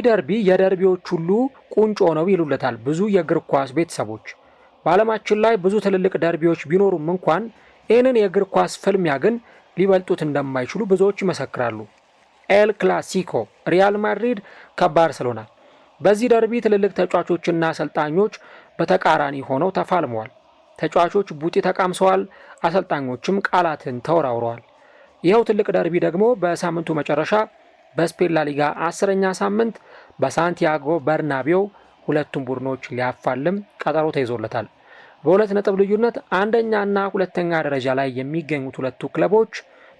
ይህ ደርቢ የደርቢዎች ሁሉ ቁንጮ ነው ይሉለታል ብዙ የእግር ኳስ ቤተሰቦች። በዓለማችን ላይ ብዙ ትልልቅ ደርቢዎች ቢኖሩም እንኳን ይህንን የእግር ኳስ ፍልሚያ ግን ሊበልጡት እንደማይችሉ ብዙዎች ይመሰክራሉ። ኤል ክላሲኮ፣ ሪያል ማድሪድ ከባርሴሎና። በዚህ ደርቢ ትልልቅ ተጫዋቾችና አሰልጣኞች በተቃራኒ ሆነው ተፋልመዋል። ተጫዋቾች ቡጢ ተቃምሰዋል፣ አሰልጣኞችም ቃላትን ተወራውረዋል። ይኸው ትልቅ ደርቢ ደግሞ በሳምንቱ መጨረሻ በስፔን ላሊጋ አስረኛ ሳምንት በሳንቲያጎ በርናቢው ሁለቱም ቡድኖች ሊያፋልም ቀጠሮ ተይዞለታል። በሁለት ነጥብ ልዩነት አንደኛ እና ሁለተኛ ደረጃ ላይ የሚገኙት ሁለቱ ክለቦች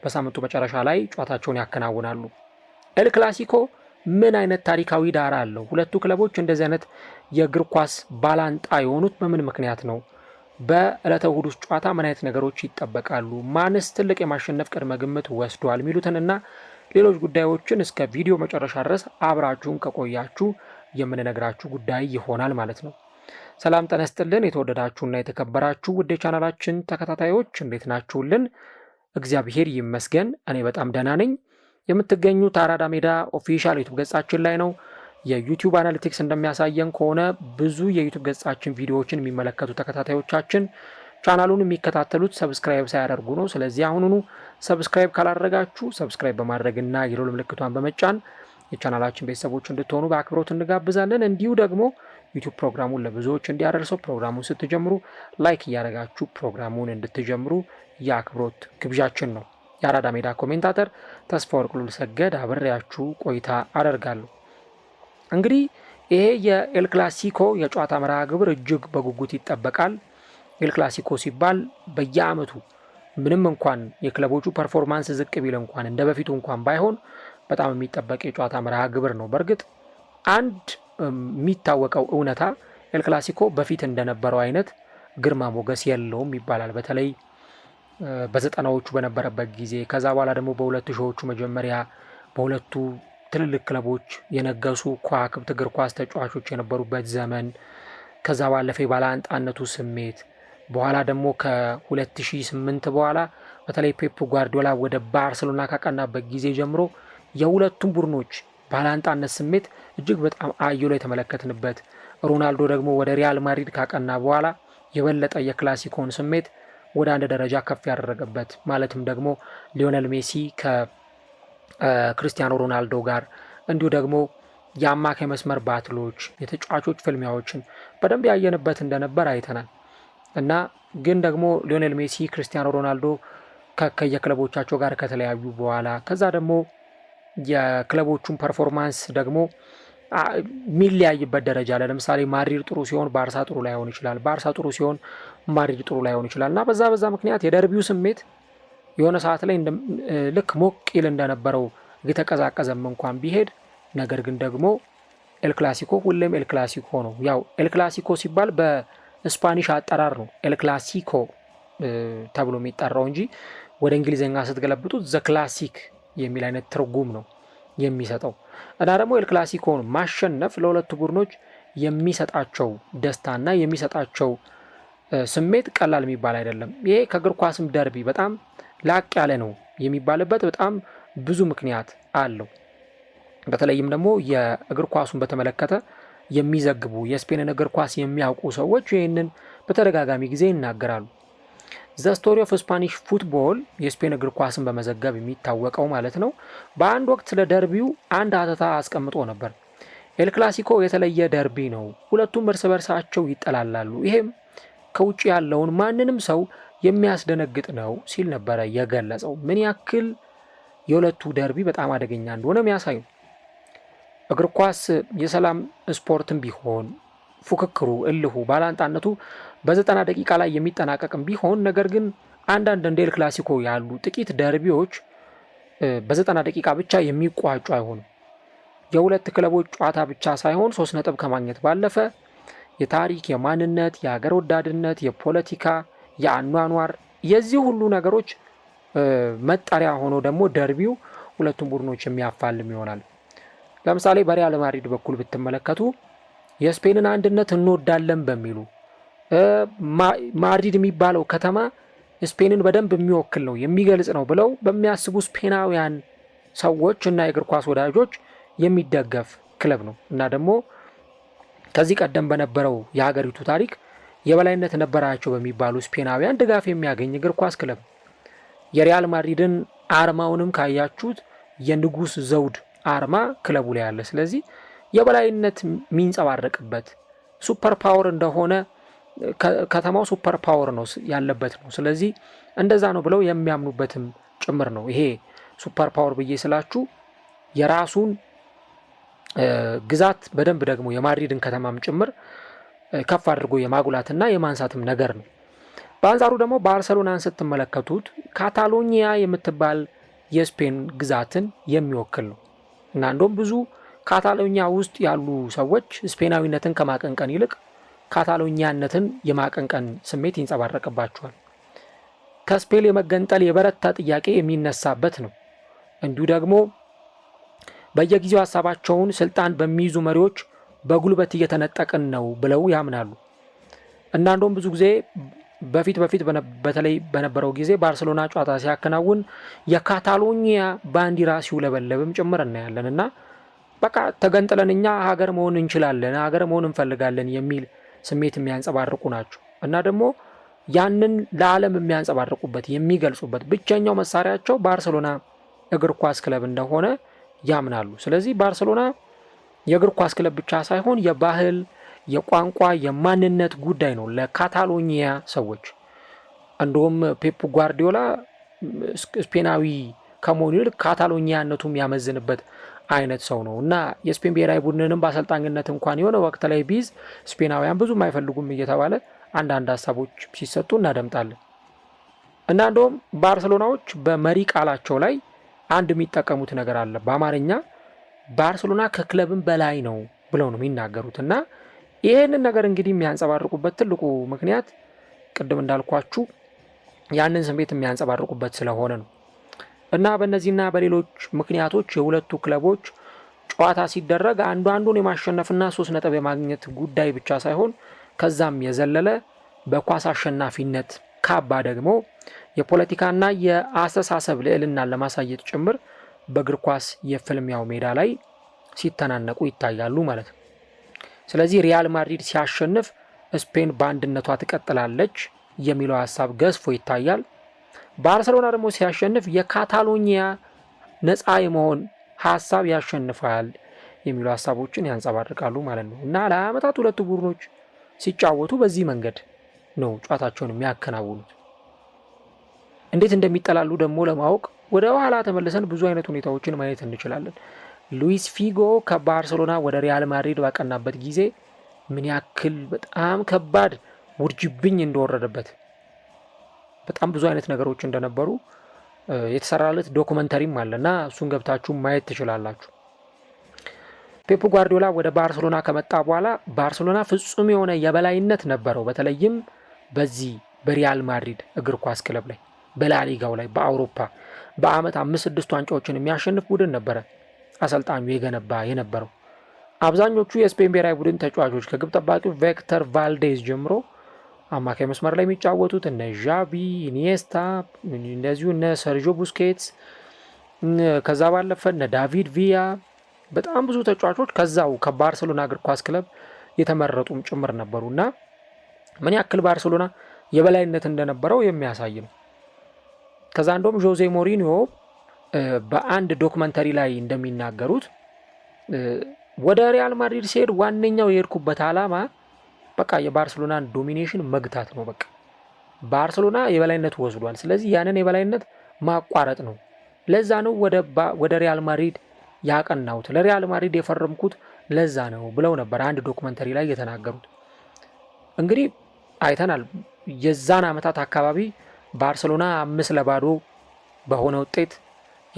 በሳምንቱ መጨረሻ ላይ ጨዋታቸውን ያከናውናሉ። ኤል ክላሲኮ ምን አይነት ታሪካዊ ዳራ አለው? ሁለቱ ክለቦች እንደዚህ አይነት የእግር ኳስ ባላንጣ የሆኑት በምን ምክንያት ነው? በዕለተ እሁድ ውስጥ ጨዋታ ምን አይነት ነገሮች ይጠበቃሉ? ማንስ ትልቅ የማሸነፍ ቅድመ ግምት ወስዷል? የሚሉትንና ሌሎች ጉዳዮችን እስከ ቪዲዮ መጨረሻ ድረስ አብራችሁን ከቆያችሁ የምንነግራችሁ ጉዳይ ይሆናል ማለት ነው። ሰላም ጠነስጥልን የተወደዳችሁና የተከበራችሁ ውድ የቻናላችን ተከታታዮች እንዴት ናችሁልን? እግዚአብሔር ይመስገን እኔ በጣም ደህና ነኝ። የምትገኙት አራዳ ሜዳ ኦፊሻል ዩቱብ ገጻችን ላይ ነው። የዩቲዩብ አናሊቲክስ እንደሚያሳየን ከሆነ ብዙ የዩቱብ ገጻችን ቪዲዮዎችን የሚመለከቱ ተከታታዮቻችን ቻናሉን የሚከታተሉት ሰብስክራይብ ሳያደርጉ ነው። ስለዚህ አሁኑኑ ሰብስክራይብ ካላደረጋችሁ ሰብስክራይብ በማድረግና የሎል ምልክቷን በመጫን የቻናላችን ቤተሰቦች እንድትሆኑ በአክብሮት እንጋብዛለን። እንዲሁ ደግሞ ዩቱብ ፕሮግራሙን ለብዙዎች እንዲያደርሰው ፕሮግራሙን ስትጀምሩ ላይክ እያደረጋችሁ ፕሮግራሙን እንድትጀምሩ የአክብሮት ግብዣችን ነው። የአራዳ ሜዳ ኮሜንታተር ተስፋ ወርቅ ሉልሰገድ አብሬያችሁ ቆይታ አደርጋለሁ። እንግዲህ ይሄ የኤል ክላሲኮ የጨዋታ መርሃ ግብር እጅግ በጉጉት ይጠበቃል። ኤልክላሲኮ ሲባል በየአመቱ ምንም እንኳን የክለቦቹ ፐርፎርማንስ ዝቅ ቢል እንኳን እንደ በፊቱ እንኳን ባይሆን በጣም የሚጠበቅ የጨዋታ መርሃ ግብር ነው። በእርግጥ አንድ የሚታወቀው እውነታ ኤል ክላሲኮ በፊት እንደነበረው አይነት ግርማ ሞገስ የለውም ይባላል። በተለይ በዘጠናዎቹ በነበረበት ጊዜ ከዛ በኋላ ደግሞ በሁለት ሺዎቹ መጀመሪያ በሁለቱ ትልልቅ ክለቦች የነገሱ ከዋክብት እግር ኳስ ተጫዋቾች የነበሩበት ዘመን ከዛ ባለፈ የባለአንጣነቱ ስሜት በኋላ ደግሞ ከ2008 በኋላ በተለይ ፔፕ ጓርዲዮላ ወደ ባርሴሎና ካቀናበት ጊዜ ጀምሮ የሁለቱም ቡድኖች ባላንጣነት ስሜት እጅግ በጣም አየሎ የተመለከትንበት ሮናልዶ ደግሞ ወደ ሪያል ማድሪድ ካቀና በኋላ የበለጠ የክላሲኮን ስሜት ወደ አንድ ደረጃ ከፍ ያደረገበት ማለትም ደግሞ ሊዮነል ሜሲ ከክርስቲያኖ ሮናልዶ ጋር እንዲሁ ደግሞ የአማካይ መስመር ባትሎች፣ የተጫዋቾች ፍልሚያዎችን በደንብ ያየንበት እንደነበር አይተናል። እና ግን ደግሞ ሊዮኔል ሜሲ ክርስቲያኖ ሮናልዶ ከየክለቦቻቸው ጋር ከተለያዩ በኋላ ከዛ ደግሞ የክለቦቹን ፐርፎርማንስ ደግሞ የሚለያይበት ደረጃ አለ። ለምሳሌ ማድሪድ ጥሩ ሲሆን ባርሳ ጥሩ ላይሆን ይችላል። ባርሳ ጥሩ ሲሆን ማድሪድ ጥሩ ላይሆን ይችላል እና በዛ በዛ ምክንያት የደርቢው ስሜት የሆነ ሰዓት ላይ ልክ ሞቅ ይል እንደነበረው እየተቀዛቀዘም እንኳን ቢሄድ ነገር ግን ደግሞ ኤልክላሲኮ ሁሌም ኤልክላሲኮ ነው። ያው ኤልክላሲኮ ሲባል በ ስፓኒሽ አጠራር ነው ኤል ክላሲኮ ተብሎ የሚጠራው እንጂ ወደ እንግሊዝኛ ስትገለብጡት ዘ ክላሲክ የሚል አይነት ትርጉም ነው የሚሰጠው እና ደግሞ ኤል ክላሲኮን ማሸነፍ ለሁለቱ ቡድኖች የሚሰጣቸው ደስታና የሚሰጣቸው ስሜት ቀላል የሚባል አይደለም። ይሄ ከእግር ኳስም ደርቢ በጣም ላቅ ያለ ነው የሚባልበት በጣም ብዙ ምክንያት አለው። በተለይም ደግሞ የእግር ኳሱን በተመለከተ የሚዘግቡ የስፔንን እግር ኳስ የሚያውቁ ሰዎች ይህንን በተደጋጋሚ ጊዜ ይናገራሉ። ዘ ስቶሪ ኦፍ ስፓኒሽ ፉትቦል የስፔን እግር ኳስን በመዘገብ የሚታወቀው ማለት ነው። በአንድ ወቅት ስለ ደርቢው አንድ አተታ አስቀምጦ ነበር። ኤል ክላሲኮ የተለየ ደርቢ ነው። ሁለቱም እርስ በርሳቸው ይጠላላሉ። ይሄም ከውጭ ያለውን ማንንም ሰው የሚያስደነግጥ ነው ሲል ነበረ የገለጸው። ምን ያክል የሁለቱ ደርቢ በጣም አደገኛ እንደሆነ የሚያሳዩ እግር ኳስ የሰላም ስፖርትም ቢሆን ፉክክሩ፣ እልሁ፣ ባላንጣነቱ በዘጠና ደቂቃ ላይ የሚጠናቀቅም ቢሆን ነገር ግን አንዳንድ እንደ ኤል ክላሲኮ ያሉ ጥቂት ደርቢዎች በዘጠና ደቂቃ ብቻ የሚቋጩ አይሆኑም። የሁለት ክለቦች ጨዋታ ብቻ ሳይሆን ሶስት ነጥብ ከማግኘት ባለፈ የታሪክ፣ የማንነት፣ የሀገር ወዳድነት፣ የፖለቲካ፣ የአኗኗር የዚህ ሁሉ ነገሮች መጠሪያ ሆኖ ደግሞ ደርቢው ሁለቱም ቡድኖች የሚያፋልም ይሆናል። ለምሳሌ በሪያል ማድሪድ በኩል ብትመለከቱ የስፔንን አንድነት እንወዳለን በሚሉ ማድሪድ የሚባለው ከተማ ስፔንን በደንብ የሚወክል ነው የሚገልጽ ነው ብለው በሚያስቡ ስፔናውያን ሰዎች እና የእግር ኳስ ወዳጆች የሚደገፍ ክለብ ነው እና ደግሞ ከዚህ ቀደም በነበረው የሀገሪቱ ታሪክ የበላይነት ነበራቸው በሚባሉ ስፔናውያን ድጋፍ የሚያገኝ እግር ኳስ ክለብ የሪያል ማድሪድን አርማውንም ካያችሁት የንጉስ ዘውድ አርማ ክለቡ ላይ አለ። ስለዚህ የበላይነት የሚንጸባረቅበት ሱፐር ፓወር እንደሆነ ከተማው ሱፐር ፓወር ነው ያለበት ነው። ስለዚህ እንደዛ ነው ብለው የሚያምኑበትም ጭምር ነው። ይሄ ሱፐር ፓወር ብዬ ስላችሁ የራሱን ግዛት በደንብ ደግሞ የማድሪድን ከተማም ጭምር ከፍ አድርጎ የማጉላትና የማንሳትም ነገር ነው። በአንጻሩ ደግሞ ባርሰሎናን ስትመለከቱት ካታሎኒያ የምትባል የስፔን ግዛትን የሚወክል ነው። እና እንደውም ብዙ ካታሎኛ ውስጥ ያሉ ሰዎች ስፔናዊነትን ከማቀንቀን ይልቅ ካታሎኛነትን የማቀንቀን ስሜት ይንጸባረቅባቸዋል። ከስፔል የመገንጠል የበረታ ጥያቄ የሚነሳበት ነው። እንዲሁ ደግሞ በየጊዜው ሀሳባቸውን ስልጣን በሚይዙ መሪዎች በጉልበት እየተነጠቅን ነው ብለው ያምናሉ እና እንደውም ብዙ ጊዜ በፊት በፊት በተለይ በነበረው ጊዜ ባርሰሎና ጨዋታ ሲያከናውን የካታሎኒያ ባንዲራ ሲውለበለብም ጭምር እናያለን እና በቃ ተገንጥለን እኛ ሀገር መሆን እንችላለን፣ ሀገር መሆን እንፈልጋለን የሚል ስሜት የሚያንጸባርቁ ናቸው እና ደግሞ ያንን ለዓለም የሚያንጸባርቁበት የሚገልጹበት ብቸኛው መሳሪያቸው ባርሰሎና እግር ኳስ ክለብ እንደሆነ ያምናሉ። ስለዚህ ባርሰሎና የእግር ኳስ ክለብ ብቻ ሳይሆን የባህል የቋንቋ የማንነት ጉዳይ ነው ለካታሎኒያ ሰዎች። እንደውም ፔፕ ጓርዲዮላ ስፔናዊ ከመሆኑ ይልቅ ካታሎኒያነቱም ያመዝንበት አይነት ሰው ነው እና የስፔን ብሔራዊ ቡድንንም በአሰልጣኝነት እንኳን የሆነ ወቅት ላይ ቢይዝ ስፔናውያን ብዙም አይፈልጉም እየተባለ አንዳንድ ሀሳቦች ሲሰጡ እናደምጣለን። እና እንደውም ባርሰሎናዎች በመሪ ቃላቸው ላይ አንድ የሚጠቀሙት ነገር አለ። በአማርኛ ባርሰሎና ከክለብም በላይ ነው ብለው ነው የሚናገሩት እና ይህንን ነገር እንግዲህ የሚያንጸባርቁበት ትልቁ ምክንያት ቅድም እንዳልኳችሁ ያንን ስሜት የሚያንጸባርቁበት ስለሆነ ነው እና በእነዚህና በሌሎች ምክንያቶች የሁለቱ ክለቦች ጨዋታ ሲደረግ አንዱ አንዱን የማሸነፍና ሶስት ነጥብ የማግኘት ጉዳይ ብቻ ሳይሆን ከዛም የዘለለ በኳስ አሸናፊነት ካባ ደግሞ የፖለቲካና የአስተሳሰብ ልዕልናን ለማሳየት ጭምር በእግር ኳስ የፍልሚያው ሜዳ ላይ ሲተናነቁ ይታያሉ ማለት ነው። ስለዚህ ሪያል ማድሪድ ሲያሸንፍ ስፔን በአንድነቷ ትቀጥላለች የሚለው ሀሳብ ገዝፎ ይታያል። ባርሰሎና ደግሞ ሲያሸንፍ የካታሎኒያ ነፃ የመሆን ሀሳብ ያሸንፋል የሚሉ ሀሳቦችን ያንጸባርቃሉ ማለት ነው እና ለአመታት ሁለቱ ቡድኖች ሲጫወቱ በዚህ መንገድ ነው ጨዋታቸውን የሚያከናውኑት። እንዴት እንደሚጠላሉ ደግሞ ለማወቅ ወደ ኋላ ተመልሰን ብዙ አይነት ሁኔታዎችን ማየት እንችላለን። ሉዊስ ፊጎ ከባርሴሎና ወደ ሪያል ማድሪድ ባቀናበት ጊዜ ምን ያክል በጣም ከባድ ውርጅብኝ እንደወረደበት በጣም ብዙ አይነት ነገሮች እንደነበሩ የተሰራለት ዶኩመንተሪም አለ እና እሱን ገብታችሁ ማየት ትችላላችሁ። ፔፕ ጓርዲዮላ ወደ ባርሴሎና ከመጣ በኋላ ባርሴሎና ፍጹም የሆነ የበላይነት ነበረው። በተለይም በዚህ በሪያል ማድሪድ እግር ኳስ ክለብ ላይ፣ በላሊጋው ላይ፣ በአውሮፓ በአመት አምስት ስድስት ዋንጫዎችን የሚያሸንፍ ቡድን ነበረ። አሰልጣኙ የገነባ የነበረው። አብዛኞቹ የስፔን ብሔራዊ ቡድን ተጫዋቾች ከግብ ጠባቂው ቬክተር ቫልዴዝ ጀምሮ አማካይ መስመር ላይ የሚጫወቱት እነ ዣቢ፣ ኢኒየስታ እንደዚሁ እነ ሰርጆ ቡስኬትስ ከዛ ባለፈ እነ ዳቪድ ቪያ በጣም ብዙ ተጫዋቾች ከዛው ከባርሰሎና እግር ኳስ ክለብ የተመረጡም ጭምር ነበሩ እና ምን ያክል ባርሰሎና የበላይነት እንደነበረው የሚያሳይ ነው። ከዛ እንደውም ዦዜ ሞሪኒዮ በአንድ ዶክመንተሪ ላይ እንደሚናገሩት ወደ ሪያል ማድሪድ ሲሄድ ዋነኛው የሄድኩበት ዓላማ በቃ የባርሰሎናን ዶሚኔሽን መግታት ነው። በቃ ባርሰሎና የበላይነት ወስዷል። ስለዚህ ያንን የበላይነት ማቋረጥ ነው። ለዛ ነው ወደ ሪያል ማድሪድ ያቀናሁት፣ ለሪያል ማድሪድ የፈረምኩት ለዛ ነው ብለው ነበር አንድ ዶክመንተሪ ላይ የተናገሩት። እንግዲህ አይተናል የዛን ዓመታት አካባቢ ባርሰሎና አምስት ለባዶ በሆነ ውጤት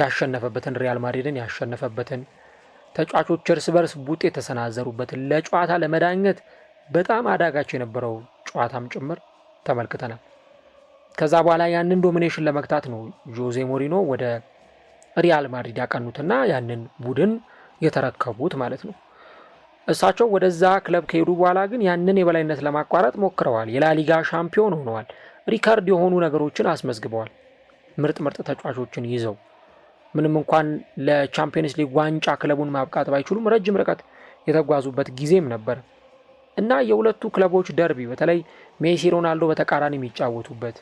ያሸነፈበትን ሪያል ማድሪድን ያሸነፈበትን ተጫዋቾች እርስ በርስ ቡጥ የተሰናዘሩበትን ለጨዋታ ለመዳኘት በጣም አዳጋች የነበረው ጨዋታም ጭምር ተመልክተናል። ከዛ በኋላ ያንን ዶሚኔሽን ለመግታት ነው ጆዜ ሞሪኖ ወደ ሪያል ማድሪድ ያቀኑትና ያንን ቡድን የተረከቡት ማለት ነው። እሳቸው ወደዛ ክለብ ከሄዱ በኋላ ግን ያንን የበላይነት ለማቋረጥ ሞክረዋል። የላሊጋ ሻምፒዮን ሆነዋል። ሪካርድ የሆኑ ነገሮችን አስመዝግበዋል። ምርጥ ምርጥ ተጫዋቾችን ይዘው ምንም እንኳን ለቻምፒየንስ ሊግ ዋንጫ ክለቡን ማብቃት ባይችሉም ረጅም ርቀት የተጓዙበት ጊዜም ነበር እና የሁለቱ ክለቦች ደርቢ በተለይ ሜሲ ሮናልዶ በተቃራኒ የሚጫወቱበት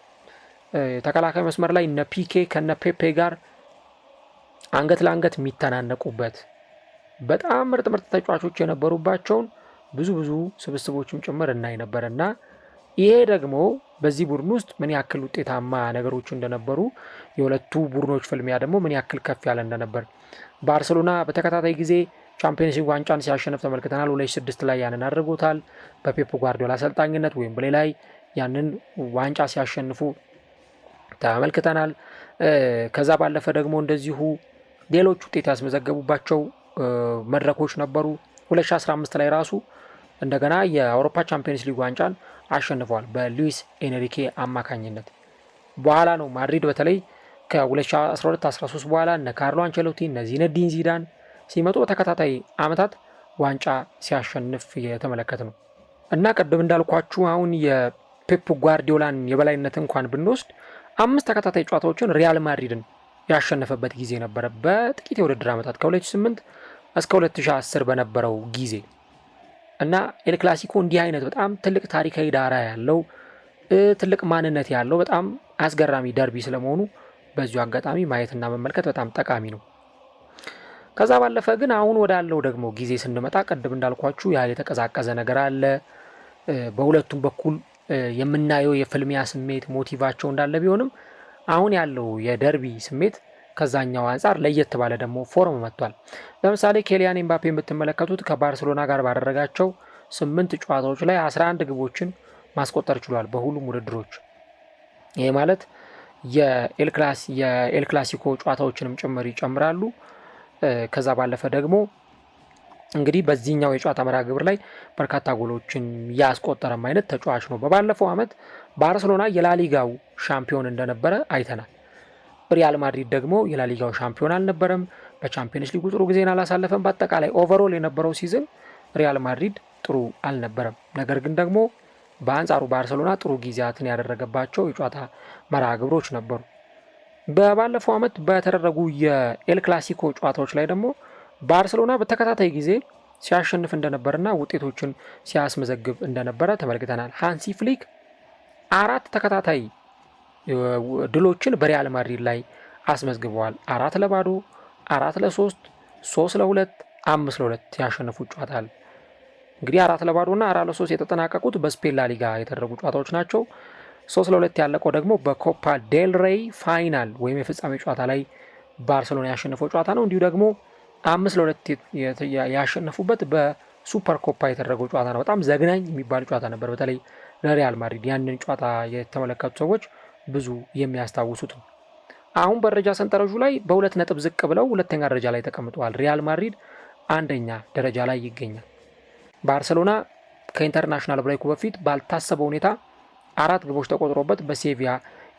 ተከላካይ መስመር ላይ እነ ፒኬ ከነ ፔፔ ጋር አንገት ለአንገት የሚተናነቁበት በጣም ምርጥ ምርጥ ተጫዋቾች የነበሩባቸውን ብዙ ብዙ ስብስቦችም ጭምር እናይ ነበር እና ይሄ ደግሞ በዚህ ቡድን ውስጥ ምን ያክል ውጤታማ ነገሮቹ እንደነበሩ የሁለቱ ቡድኖች ፍልሚያ ደግሞ ምን ያክል ከፍ ያለ እንደነበር ባርሴሎና በተከታታይ ጊዜ ቻምፒየንስ ሊግ ዋንጫን ሲያሸንፍ ተመልክተናል። ሁለት ስድስት ላይ ያንን አድርጎታል። በፔፕ ጓርዲዮላ አሰልጣኝነት ወይም በሌ ላይ ያንን ዋንጫ ሲያሸንፉ ተመልክተናል። ከዛ ባለፈ ደግሞ እንደዚሁ ሌሎች ውጤት ያስመዘገቡባቸው መድረኮች ነበሩ። 2015 ላይ ራሱ እንደገና የአውሮፓ ቻምፒየንስ ሊግ ዋንጫን አሸንፏል በሉዊስ ኤንሪኬ አማካኝነት። በኋላ ነው ማድሪድ በተለይ ከ2012/13 በኋላ እነ ካርሎ አንቸሎቲ እነ ዚነዲን ዚዳን ሲመጡ በተከታታይ ዓመታት ዋንጫ ሲያሸንፍ የተመለከት ነው እና ቅድም እንዳልኳችሁ አሁን የፔፕ ጓርዲዮላን የበላይነት እንኳን ብንወስድ አምስት ተከታታይ ጨዋታዎችን ሪያል ማድሪድን ያሸነፈበት ጊዜ ነበረ። በጥቂት የውድድር ዓመታት ከ2008 እስከ 2010 በነበረው ጊዜ እና ኤልክላሲኮ እንዲህ አይነት በጣም ትልቅ ታሪካዊ ዳራ ያለው ትልቅ ማንነት ያለው በጣም አስገራሚ ደርቢ ስለመሆኑ በዚሁ አጋጣሚ ማየትና መመልከት በጣም ጠቃሚ ነው። ከዛ ባለፈ ግን አሁን ወዳለው ደግሞ ጊዜ ስንመጣ ቅድም እንዳልኳችሁ ያ የተቀዛቀዘ ነገር አለ። በሁለቱም በኩል የምናየው የፍልሚያ ስሜት ሞቲቫቸው እንዳለ ቢሆንም አሁን ያለው የደርቢ ስሜት ከዛኛው አንጻር ለየት ባለ ደግሞ ፎርም መጥቷል። ለምሳሌ ኬሊያን ኤምባፔ የምትመለከቱት ከባርሴሎና ጋር ባደረጋቸው ስምንት ጨዋታዎች ላይ 11 ግቦችን ማስቆጠር ችሏል በሁሉም ውድድሮች። ይሄ ማለት የኤል ክላሲኮ ጨዋታዎችንም ጭምር ይጨምራሉ። ከዛ ባለፈ ደግሞ እንግዲህ በዚህኛው የጨዋታ መርሃ ግብር ላይ በርካታ ጎሎችን ያስቆጠረም አይነት ተጫዋች ነው። በባለፈው ዓመት ባርሰሎና የላሊጋው ሻምፒዮን እንደነበረ አይተናል። ሪያል ማድሪድ ደግሞ የላሊጋው ሻምፒዮን አልነበረም። በቻምፒዮንስ ሊጉ ጥሩ ጊዜን አላሳለፈም። በአጠቃላይ ኦቨሮል የነበረው ሲዝን ሪያል ማድሪድ ጥሩ አልነበረም። ነገር ግን ደግሞ በአንጻሩ ባርሰሎና ጥሩ ጊዜያትን ያደረገባቸው የጨዋታ መርሃ ግብሮች ነበሩ። በባለፈው ዓመት በተደረጉ የኤል ክላሲኮ ጨዋታዎች ላይ ደግሞ ባርሰሎና በተከታታይ ጊዜ ሲያሸንፍ እንደነበርና ውጤቶችን ሲያስመዘግብ እንደነበረ ተመልክተናል። ሃንሲ ፍሊክ አራት ተከታታይ ድሎችን በሪያል ማድሪድ ላይ አስመዝግበዋል። አራት ለባዶ፣ አራት ለሶስት፣ ሶስት ለሁለት፣ አምስት ለሁለት ያሸነፉት ጨዋታ አለ። እንግዲህ አራት ለባዶና አራት ለሶስት የተጠናቀቁት በስፔን ላሊጋ የተደረጉ ጨዋታዎች ናቸው። ሶስት ለሁለት ያለቀው ደግሞ በኮፓ ዴል ሬይ ፋይናል ወይም የፍጻሜ ጨዋታ ላይ ባርሴሎና ያሸነፈው ጨዋታ ነው። እንዲሁ ደግሞ አምስት ለሁለት ያሸነፉበት በሱፐር ኮፓ የተደረገው ጨዋታ ነው። በጣም ዘግናኝ የሚባል ጨዋታ ነበር፣ በተለይ ለሪያል ማድሪድ። ያንን ጨዋታ የተመለከቱ ሰዎች ብዙ የሚያስታውሱት ነው። አሁን በደረጃ ሰንጠረዡ ላይ በሁለት ነጥብ ዝቅ ብለው ሁለተኛ ደረጃ ላይ ተቀምጠዋል። ሪያል ማድሪድ አንደኛ ደረጃ ላይ ይገኛል። ባርሰሎና ከኢንተርናሽናል ብሬኩ በፊት ባልታሰበ ሁኔታ አራት ግቦች ተቆጥሮበት በሴቪያ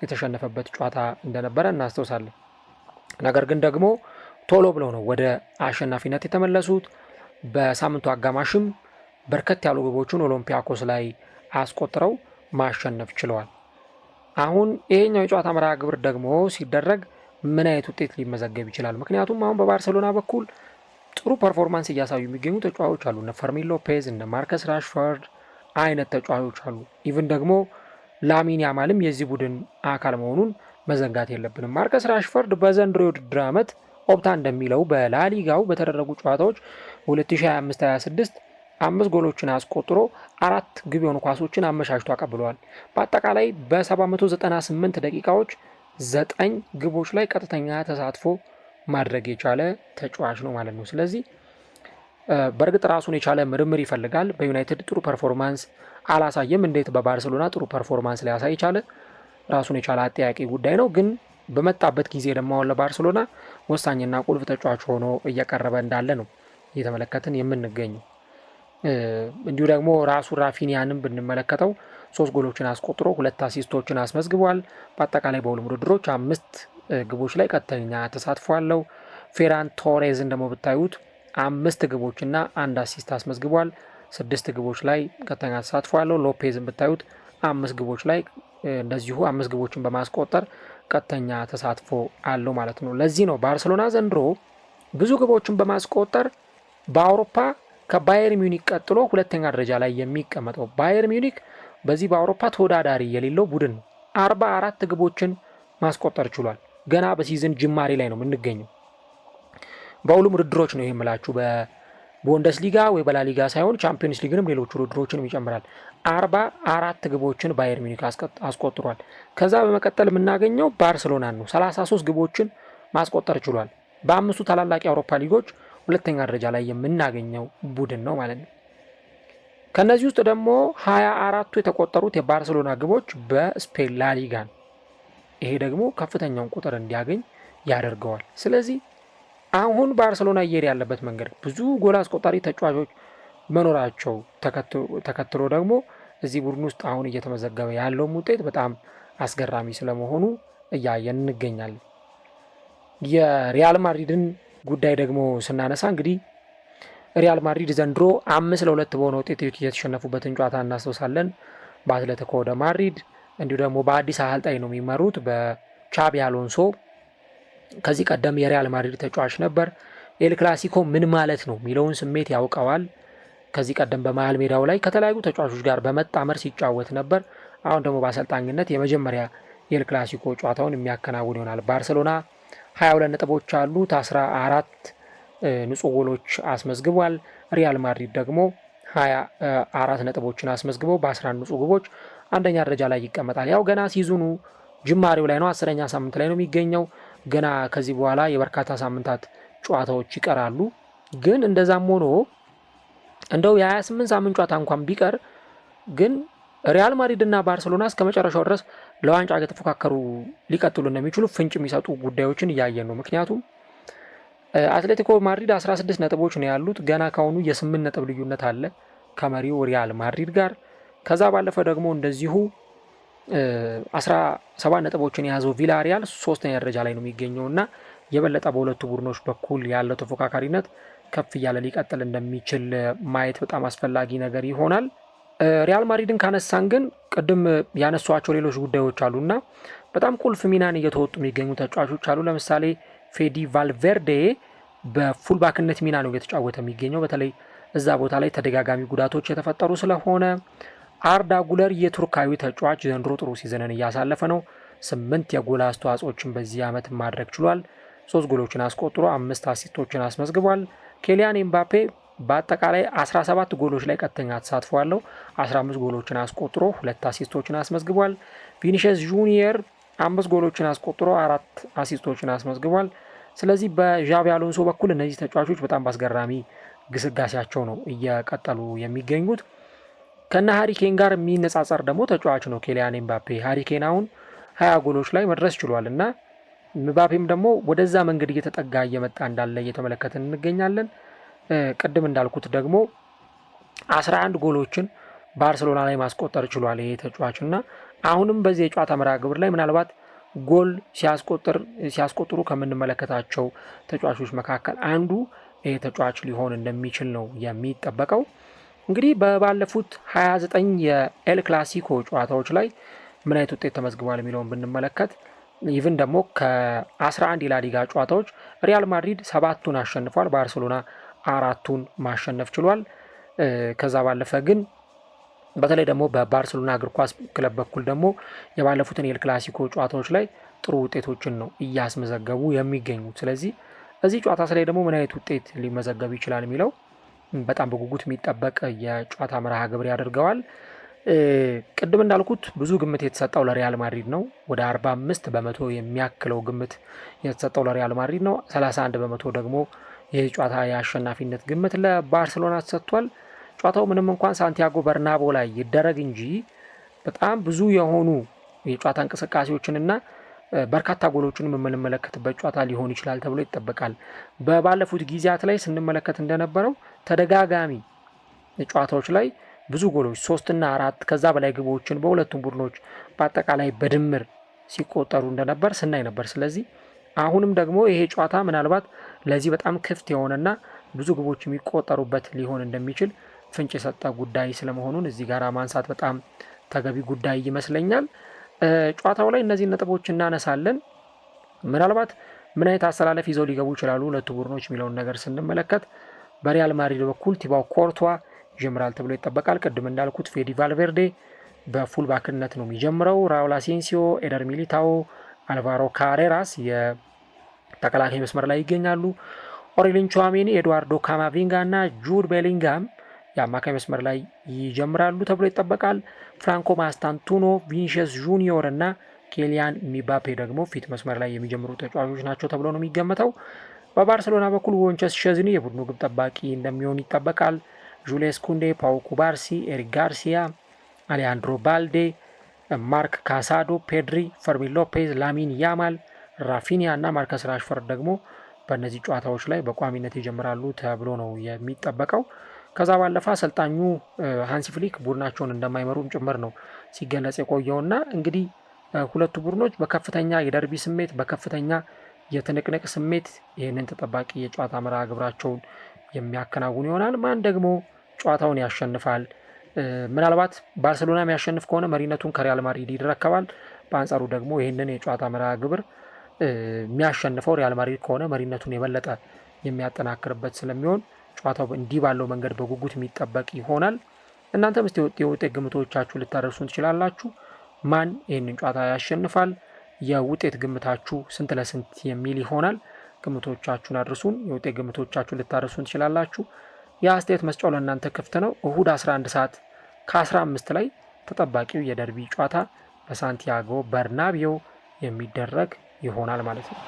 የተሸነፈበት ጨዋታ እንደነበረ እናስታውሳለን። ነገር ግን ደግሞ ቶሎ ብለው ነው ወደ አሸናፊነት የተመለሱት። በሳምንቱ አጋማሽም በርከት ያሉ ግቦችን ኦሎምፒያኮስ ላይ አስቆጥረው ማሸነፍ ችለዋል። አሁን ይሄኛው የጨዋታ መርሃ ግብር ደግሞ ሲደረግ ምን አይነት ውጤት ሊመዘገብ ይችላል? ምክንያቱም አሁን በባርሴሎና በኩል ጥሩ ፐርፎርማንስ እያሳዩ የሚገኙ ተጫዋቾች አሉ። እነ ፈርሚን ሎፔዝ፣ እነ ማርከስ ራሽፎርድ አይነት ተጫዋቾች አሉ። ኢቭን ደግሞ ላሚን ያማልም የዚህ ቡድን አካል መሆኑን መዘንጋት የለብንም። ማርከስ ራሽፎርድ በዘንድሮ የውድድር ዓመት ኦፕታ እንደሚለው በላሊጋው በተደረጉ ጨዋታዎች 2025/26 አምስት ጎሎችን አስቆጥሮ አራት ግብ የሆኑ ኳሶችን አመሻሽቶ አቀብለዋል። በአጠቃላይ በ798 ደቂቃዎች ዘጠኝ ግቦች ላይ ቀጥተኛ ተሳትፎ ማድረግ የቻለ ተጫዋች ነው ማለት ነው። ስለዚህ በእርግጥ ራሱን የቻለ ምርምር ይፈልጋል። በዩናይትድ ጥሩ ፐርፎርማንስ አላሳየም። እንዴት በባርሴሎና ጥሩ ፐርፎርማንስ ሊያሳይ ቻለ? ራሱን የቻለ አጠያቂ ጉዳይ ነው። ግን በመጣበት ጊዜ ደግሞ አሁን ለባርሴሎና ወሳኝና ቁልፍ ተጫዋች ሆኖ እየቀረበ እንዳለ ነው እየተመለከትን የምንገኘው። እንዲሁ ደግሞ ራሱ ራፊኒያንም ብንመለከተው ሶስት ጎሎችን አስቆጥሮ ሁለት አሲስቶችን አስመዝግቧል። በአጠቃላይ በሁሉም ውድድሮች አምስት ግቦች ላይ ቀጥተኛ ተሳትፎ አለው። ፌራን ቶሬዝን ደግሞ ብታዩት አምስት ግቦችና አንድ አሲስት አስመዝግቧል። ስድስት ግቦች ላይ ቀጥተኛ ተሳትፎ አለው። ሎፔዝን ብታዩት አምስት ግቦች ላይ እንደዚሁ አምስት ግቦችን በማስቆጠር ቀጥተኛ ተሳትፎ አለው ማለት ነው። ለዚህ ነው ባርሰሎና ዘንድሮ ብዙ ግቦችን በማስቆጠር በአውሮፓ ከባየር ሚዩኒክ ቀጥሎ ሁለተኛ ደረጃ ላይ የሚቀመጠው ባየር ሚዩኒክ በዚህ በአውሮፓ ተወዳዳሪ የሌለው ቡድን ነው። አርባ አራት ግቦችን ማስቆጠር ችሏል። ገና በሲዝን ጅማሬ ላይ ነው የምንገኘው። በሁሉም ውድድሮች ነው ይህ የምላችሁ በቡንደስሊጋ ወይ በላሊጋ ሳይሆን ቻምፒዮንስ ሊግንም ሌሎች ውድድሮችንም ይጨምራል። አርባ አራት ግቦችን ባየር ሚኒክ አስቆጥሯል። ከዛ በመቀጠል የምናገኘው ባርሴሎናን ነው። ሰላሳ ሶስት ግቦችን ማስቆጠር ችሏል። በአምስቱ ታላላቅ የአውሮፓ ሊጎች ሁለተኛ ደረጃ ላይ የምናገኘው ቡድን ነው ማለት ነው። ከእነዚህ ውስጥ ደግሞ ሀያ አራቱ የተቆጠሩት የባርሴሎና ግቦች በስፔን ላሊጋ ነው። ይሄ ደግሞ ከፍተኛውን ቁጥር እንዲያገኝ ያደርገዋል። ስለዚህ አሁን ባርሰሎና እየሄድ ያለበት መንገድ ብዙ ጎል አስቆጣሪ ተጫዋቾች መኖራቸው ተከትሎ ደግሞ እዚህ ቡድን ውስጥ አሁን እየተመዘገበ ያለውም ውጤት በጣም አስገራሚ ስለመሆኑ እያየን እንገኛለን። የሪያል ማድሪድን ጉዳይ ደግሞ ስናነሳ እንግዲህ ሪያል ማድሪድ ዘንድሮ አምስት ለሁለት በሆነ ውጤት የተሸነፉበትን ጨዋታ እናስታውሳለን። በአትሌቲኮ ወደ ማድሪድ እንዲሁ ደግሞ በአዲስ አሰልጣኝ ነው የሚመሩት በቻቢ አሎንሶ። ከዚህ ቀደም የሪያል ማድሪድ ተጫዋች ነበር። ኤል ክላሲኮ ምን ማለት ነው የሚለውን ስሜት ያውቀዋል። ከዚህ ቀደም በመሀል ሜዳው ላይ ከተለያዩ ተጫዋቾች ጋር በመጣመር ሲጫወት ነበር። አሁን ደግሞ በአሰልጣኝነት የመጀመሪያ የኤል ክላሲኮ ጨዋታውን የሚያከናውን ይሆናል ባርሴሎና 22 ነጥቦች አሉት። 14 ንጹህ ጎሎች አስመዝግቧል። ሪያል ማድሪድ ደግሞ 24 ነጥቦችን አስመዝግቦ በ11 ንጹህ ግቦች አንደኛ ደረጃ ላይ ይቀመጣል። ያው ገና ሲዙኑ ጅማሬው ላይ ነው። አስረኛ ሳምንት ላይ ነው የሚገኘው። ገና ከዚህ በኋላ የበርካታ ሳምንታት ጨዋታዎች ይቀራሉ። ግን እንደዛም ሆኖ እንደው የ28 ሳምንት ጨዋታ እንኳን ቢቀር ግን ሪያል ማድሪድ እና ባርሰሎና እስከ መጨረሻው ድረስ ለዋንጫ እየተፎካከሩ ሊቀጥሉ እንደሚችሉ ፍንጭ የሚሰጡ ጉዳዮችን እያየን ነው። ምክንያቱም አትሌቲኮ ማድሪድ 16 ነጥቦች ነው ያሉት። ገና ካሁኑ የስምንት ነጥብ ልዩነት አለ ከመሪው ሪያል ማድሪድ ጋር። ከዛ ባለፈ ደግሞ እንደዚሁ 17 ነጥቦችን የያዘው ቪላ ሪያል ሶስተኛ ደረጃ ላይ ነው የሚገኘው እና የበለጠ በሁለቱ ቡድኖች በኩል ያለው ተፎካካሪነት ከፍ እያለ ሊቀጥል እንደሚችል ማየት በጣም አስፈላጊ ነገር ይሆናል። ሪያል ማድሪድን ካነሳን ግን ቅድም ያነሷቸው ሌሎች ጉዳዮች አሉና በጣም ቁልፍ ሚናን እየተወጡ የሚገኙ ተጫዋቾች አሉ። ለምሳሌ ፌዲ ቫልቬርዴ በፉልባክነት ሚና ነው እየተጫወተ የሚገኘው። በተለይ እዛ ቦታ ላይ ተደጋጋሚ ጉዳቶች የተፈጠሩ ስለሆነ አርዳ ጉለር የቱርካዊ ተጫዋች ዘንድሮ ጥሩ ሲዘነን እያሳለፈ ነው። ስምንት የጎል አስተዋጽኦችን በዚህ ዓመት ማድረግ ችሏል። ሶስት ጎሎችን አስቆጥሮ አምስት አሲስቶችን አስመዝግቧል። ኬሊያን ኤምባፔ በአጠቃላይ 17 ጎሎች ላይ ቀጥተኛ ተሳትፎ አለው። 15 ጎሎችን አስቆጥሮ ሁለት አሲስቶችን አስመዝግቧል። ቪኒሽስ ጁኒየር አምስት ጎሎችን አስቆጥሮ አራት አሲስቶችን አስመዝግቧል። ስለዚህ በዣቢ አሎንሶ በኩል እነዚህ ተጫዋቾች በጣም በአስገራሚ ግስጋሴያቸው ነው እየቀጠሉ የሚገኙት። ከነ ሀሪኬን ጋር የሚነጻጸር ደግሞ ተጫዋች ነው ኬሊያን ኤምባፔ። ሀሪኬን አሁን ሀያ ጎሎች ላይ መድረስ ችሏል እና ምባፔም ደግሞ ወደዛ መንገድ እየተጠጋ እየመጣ እንዳለ እየተመለከትን እንገኛለን። ቅድም እንዳልኩት ደግሞ አስራ ጎሎችን ባርሰሎና ላይ ማስቆጠር ችሏል ይሄ ተጫዋች እና አሁንም በዚህ የጨዋታ መርሃ ግብር ላይ ምናልባት ጎል ሲያስቆጥሩ ከምንመለከታቸው ተጫዋቾች መካከል አንዱ ይህ ተጫዋች ሊሆን እንደሚችል ነው የሚጠበቀው። እንግዲህ በባለፉት 29 የኤል ክላሲኮ ጨዋታዎች ላይ ምን አይነት ውጤት ተመዝግቧል የሚለውን ብንመለከት ኢቭን ደግሞ ከ11 የላሊጋ ጨዋታዎች ሪያል ማድሪድ ሰባቱን አሸንፏል። ባርሴሎና አራቱን ማሸነፍ ችሏል። ከዛ ባለፈ ግን በተለይ ደግሞ በባርሴሎና እግር ኳስ ክለብ በኩል ደግሞ የባለፉትን ኤል ክላሲኮ ጨዋታዎች ላይ ጥሩ ውጤቶችን ነው እያስመዘገቡ የሚገኙት። ስለዚህ እዚህ ጨዋታ ስላይ ደግሞ ምን አይነት ውጤት ሊመዘገብ ይችላል የሚለው በጣም በጉጉት የሚጠበቅ የጨዋታ መርሃ ግብር ያደርገዋል። ቅድም እንዳልኩት ብዙ ግምት የተሰጠው ለሪያል ማድሪድ ነው። ወደ 45 በመቶ የሚያክለው ግምት የተሰጠው ለሪያል ማድሪድ ነው። 31 በመቶ ደግሞ ይህ ጨዋታ የአሸናፊነት ግምት ለባርሴሎና ተሰጥቷል። ጨዋታው ምንም እንኳን ሳንቲያጎ በርናቦ ላይ ይደረግ እንጂ በጣም ብዙ የሆኑ የጨዋታ እንቅስቃሴዎችንና በርካታ ጎሎችን የምንመለከትበት ጨዋታ ሊሆን ይችላል ተብሎ ይጠበቃል። በባለፉት ጊዜያት ላይ ስንመለከት እንደነበረው ተደጋጋሚ ጨዋታዎች ላይ ብዙ ጎሎች ሶስትና አራት ከዛ በላይ ግቦችን በሁለቱም ቡድኖች በአጠቃላይ በድምር ሲቆጠሩ እንደነበር ስናይ ነበር። ስለዚህ አሁንም ደግሞ ይሄ ጨዋታ ምናልባት ለዚህ በጣም ክፍት የሆነና ብዙ ግቦች የሚቆጠሩበት ሊሆን እንደሚችል ፍንጭ የሰጠ ጉዳይ ስለመሆኑን እዚህ ጋር ማንሳት በጣም ተገቢ ጉዳይ ይመስለኛል። ጨዋታው ላይ እነዚህን ነጥቦች እናነሳለን። ምናልባት ምን አይነት አሰላለፍ ይዘው ሊገቡ ይችላሉ ሁለቱ ቡድኖች የሚለውን ነገር ስንመለከት በሪያል ማድሪድ በኩል ቲባው ኮርቷ ይጀምራል ተብሎ ይጠበቃል። ቅድም እንዳልኩት ፌዲ ቫልቬርዴ በፉልባክነት ባክነት ነው የሚጀምረው። ራውል አሴንሲዮ፣ ኤደር ሚሊታው፣ አልቫሮ ካሬራስ ተከላካይ መስመር ላይ ይገኛሉ። ኦሬሊን ቹዋሜኒ፣ ኤድዋርዶ ካማቪንጋ እና ጁድ ቤሊንጋም የአማካይ መስመር ላይ ይጀምራሉ ተብሎ ይጠበቃል። ፍራንኮ ማስታንቱኖ፣ ቪኒሽስ ጁኒዮር እና ኬሊያን ሚባፔ ደግሞ ፊት መስመር ላይ የሚጀምሩ ተጫዋቾች ናቸው ተብሎ ነው የሚገመተው። በባርሰሎና በኩል ወንቸስ ሸዝኒ የቡድኑ ግብ ጠባቂ እንደሚሆን ይጠበቃል። ጁሌስ ኩንዴ፣ ፓው ኩባርሲ፣ ኤሪክ ጋርሲያ፣ አሊያንድሮ ባልዴ፣ ማርክ ካሳዶ፣ ፔድሪ፣ ፈርሚን ሎፔዝ፣ ላሚን ያማል ራፊኒያ እና ማርከስ ራሽፈርድ ደግሞ በእነዚህ ጨዋታዎች ላይ በቋሚነት ይጀምራሉ ተብሎ ነው የሚጠበቀው። ከዛ ባለፈ አሰልጣኙ ሃንሲ ፍሊክ ቡድናቸውን እንደማይመሩም ጭምር ነው ሲገለጽ የቆየውና እንግዲህ ሁለቱ ቡድኖች በከፍተኛ የደርቢ ስሜት በከፍተኛ የትንቅንቅ ስሜት ይህንን ተጠባቂ የጨዋታ መርሃ ግብራቸውን የሚያከናውኑ ይሆናል። ማን ደግሞ ጨዋታውን ያሸንፋል? ምናልባት ባርሴሎና የሚያሸንፍ ከሆነ መሪነቱን ከሪያል ማድሪድ ይረከባል። በአንጻሩ ደግሞ ይህንን የጨዋታ መርሃ ግብር የሚያሸንፈው ሪያል ማድሪድ ከሆነ መሪነቱን የበለጠ የሚያጠናክርበት ስለሚሆን ጨዋታው እንዲህ ባለው መንገድ በጉጉት የሚጠበቅ ይሆናል። እናንተም ስ የውጤት ግምቶቻችሁ ልታደርሱን ትችላላችሁ። ማን ይህንን ጨዋታ ያሸንፋል? የውጤት ግምታችሁ ስንት ለስንት የሚል ይሆናል። ግምቶቻችሁን አድርሱን። የውጤት ግምቶቻችሁ ልታደርሱን ትችላላችሁ። የአስተያየት መስጫው ለእናንተ ክፍት ነው። እሁድ 11 ሰዓት ከ15 ላይ ተጠባቂው የደርቢ ጨዋታ በሳንቲያጎ በርናቢዮ የሚደረግ ይሆናል ማለት ነው።